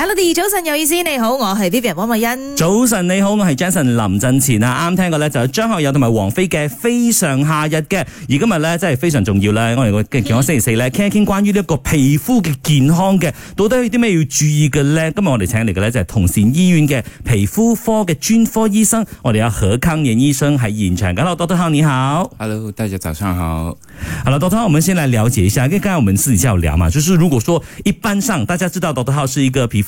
Melody，早晨有意思，你好，我係 Vivian 汪文欣。早晨你好，我係 Jason 林振前啊，啱聽過咧就是、張學友同埋王菲嘅《非常夏日》嘅，而今日咧真係非常重要啦，我哋嘅健康星期四咧，傾一傾關於呢一個皮膚嘅健康嘅，到底有啲咩要注意嘅咧？今日我哋請嚟嘅咧就係、是、同善醫院嘅皮膚科嘅專科醫生，我哋有何康穎醫生喺現場嘅啦，多多你好。Hello，大家早上好。Hello，多多，Howe, 我們先嚟了解一下，因為剛才我們自己就有聊嘛，就是如果說一般上大家知道多多號是一個皮膚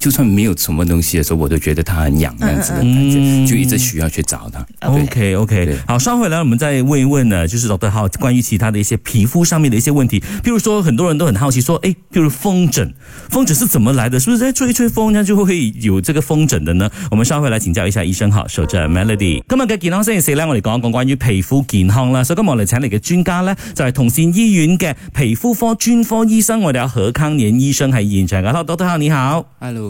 就算沒有什麼東西嘅時候，我都覺得它很癢，那樣子嘅感覺，嗯，就一直需要去找它，嗯。OK OK，好，稍後來我們再問一問呢，就是 Dr. How 關於其他的一些皮膚上面的一些問題，譬如說很多人都很好奇說，誒，欸，譬如風疹，風疹是怎麼來的？是不是誒吹一吹風，呢，就會會有這個風疹的呢？我們稍後來請教一下醫生哈 s i o h n Melody。今日嘅健康星期四呢，我哋講一講關於皮膚健康啦。所以今日我哋請嚟嘅專家呢，就係同心醫院嘅皮膚科專科醫生，我哋有何康年醫生係現場嘅，hello，doctor 你好，hello。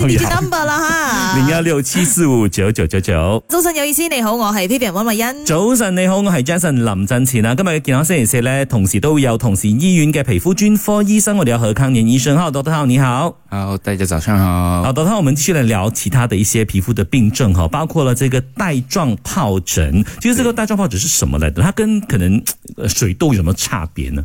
數字 number 啦吓，零一六七四五九九九九。 早晨有意思，你好，我是 Peter 温慧欣。早晨你好，我是 Jason 林振前啊。今日健康星期四呢，同時都有同時醫院嘅皮膚專科醫生，我哋有何康年醫生。哈 doctor 康你好，好，大家早上好。doctor 康我們繼續來聊其他的一些皮膚的病症哈，包括了這個帶狀疱疹。其實這個帶狀疱疹是什麼來的？它跟可能水痘有什麼差別呢？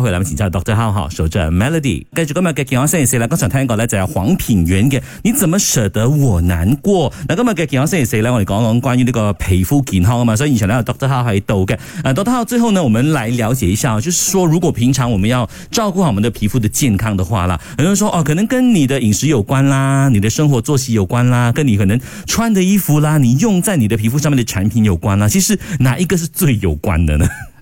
佢諗住之後，doctor 哈好，坐住 Melody。繼續今日嘅健康星期四啦，剛才聽一個咧就係黃品源嘅《你怎麼捨得我難過》。嗱，今日嘅健康星期四咧，我講講關於呢個皮膚健康啊嘛。所以 doctor 哈啊，doctor 哈，最後呢，我們來了解一下，就是說，如果平常我們要照顧好我們的皮膚的健康的話啦，有人說哦，可能跟你的飲食有關啦，你的生活作息有關啦，跟你可能穿的衣服啦，你用在你的皮膚上面的產品有關啦。其實哪一個是最有關的呢？